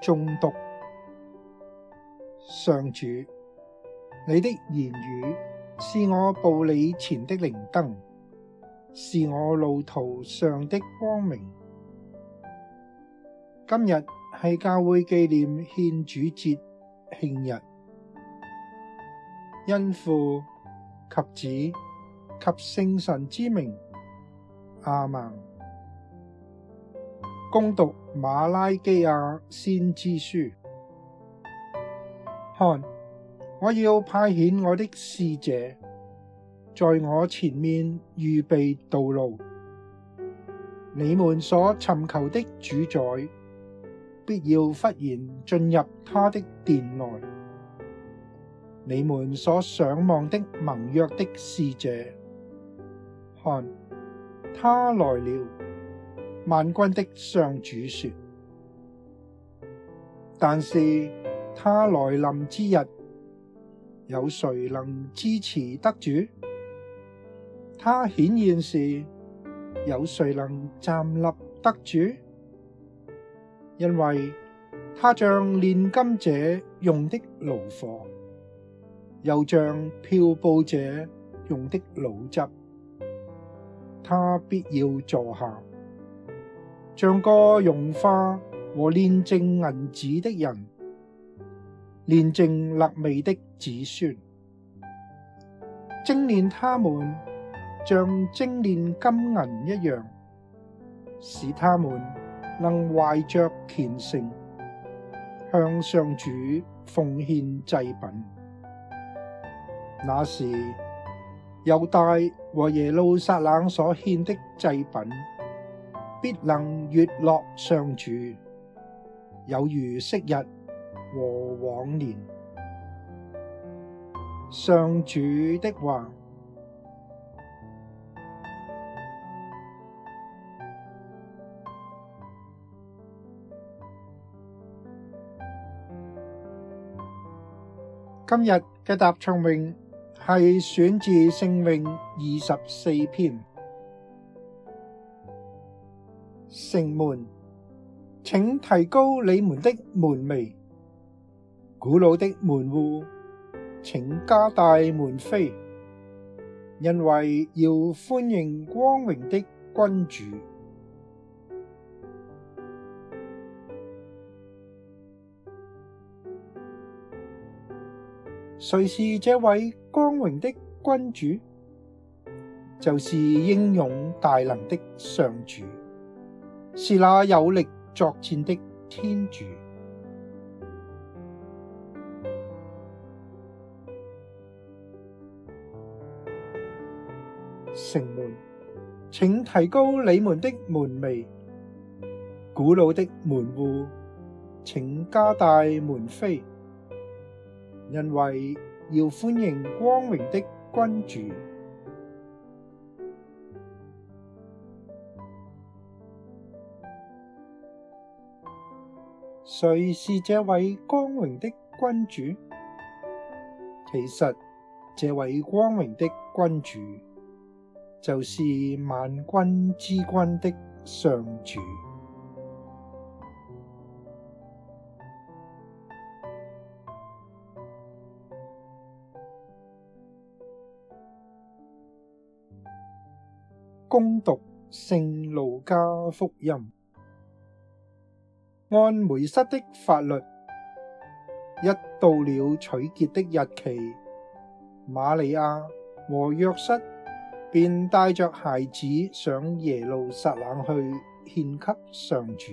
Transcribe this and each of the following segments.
誦讀。上主，你的言語是我步履前的靈燈，是我路途上的光明。今日係教會紀念獻主節慶日，因父及子及聖神之名，阿門。恭讀馬拉基亞先知書，看，我要派遣我的使者，在我前面預備道路。你們所尋求的主宰，必要忽然進入他的殿內。你們所想望的盟約的使者，看，他來了。萬軍的上主說。但是他來臨之日，有誰能支持得住？他顯現時，有誰能站立得住？因為他像煉金者用的爐火，又像漂布者用的滷汁，他必要坐下。像個融化和煉淨銀子的人，煉淨肋未的子孫，精煉他們，像精煉金銀一樣，使他們能懷着虔誠向上主奉獻祭品。那時，猶大和耶路撒冷所獻的祭品，必能悅樂上主，有如昔日和往年。上主的話。今日嘅答唱詠係選自聖詠二十四篇。城門，請提高你們的門楣；古老的門戶，請加大門扉，因為要歡迎光榮的君主。誰是這位光榮的君主？就是英勇大能的上主。是那有力作戰的天主。城門，請提高你們的門楣；古老的門戶，請加大門扉，因為要歡迎光榮的君主。誰是這位光榮的君主？其實，這位光榮的君主就是萬軍之君的上主。恭讀《聖路加福音》。按梅瑟的法律，一到了取潔的日期，瑪利亞和若瑟便帶着孩子上耶路撒冷去獻給上主，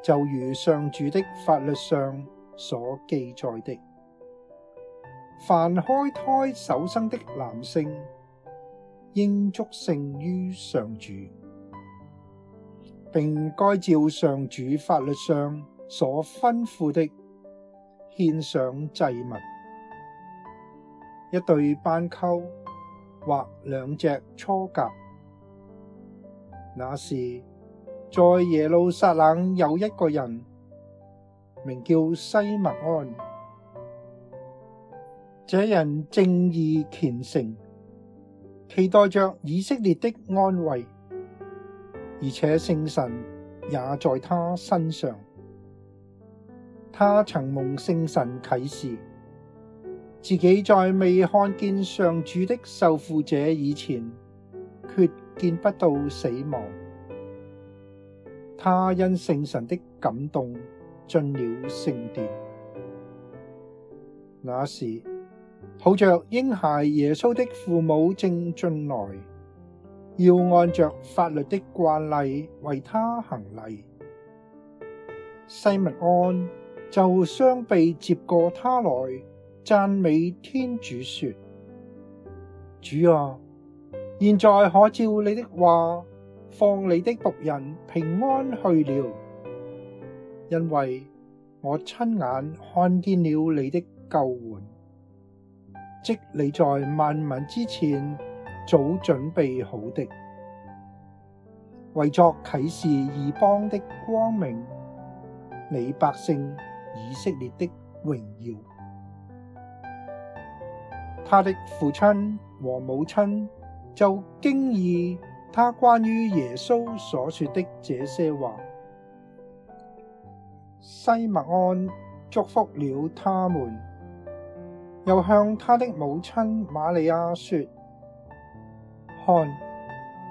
就如上主的法律上所記載的：凡開胎首生的男性，應祝聖於上主。並該照上主法律上所吩咐的，獻上祭物：一對斑鳩或兩隻鶵鴿。那時，在耶路撒冷有一個人，名叫西默盎，這人正義虔誠，期待着以色列的安慰。而且聖神也在他身上。他曾蒙聖神啟示，自己在未看見上主的受傅者以前，決見不到死亡。他因聖神的感動進了聖殿，那時，抱着嬰孩耶穌的父母正進來。要按着法律的慣例為他行禮，西默盎就雙臂接過他來，讚美天主說：主啊，現在可照你的話放你的僕人平安去了，因為我親眼看見了你的救援，即你在萬民之前。早準備好的，為作啟示異邦的光明，你百姓以色列的榮耀。他的父親和母親就驚異他關於耶穌所說的這些話，西默盎祝福了他們，又向他的母親瑪利亞說。看，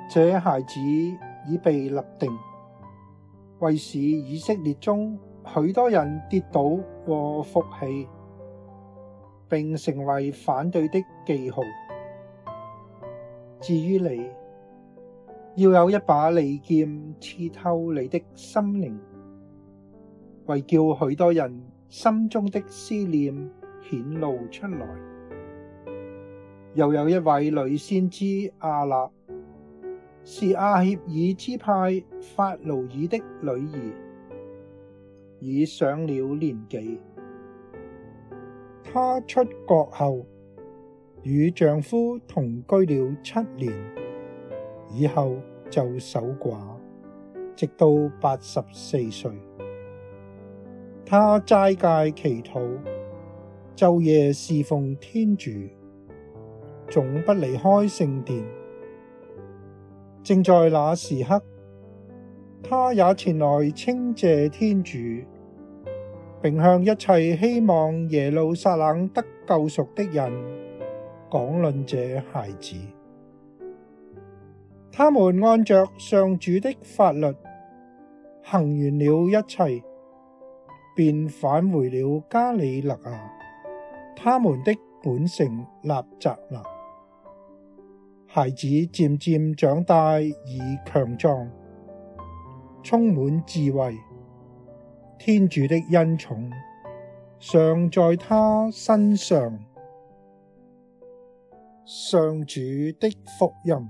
這孩子已被立定，為使以色列中許多人跌倒和復起，並成為反對的記號。至於你，要有一把利劍刺透你的心靈，為叫許多人心中的思念顯露出來。又有一位女先知亞納，是阿協爾支派法奴耳的女兒，已上了年紀。她出閣後，與丈夫同居了七年，以後就守寡，直到八十四歲。她齋戒祈禱，晝夜事奉天主。總不離開聖殿。正在那時刻，她也前來稱謝天主，並向一切希望耶路撒冷得救贖的人講論這孩子。他們按着上主的法律行完了一切，便返回了加里肋亞、啊。他們的本城納匝肋。孩子漸漸長大而強壯，充滿智慧。天主的恩寵常在他身上，上主的福音。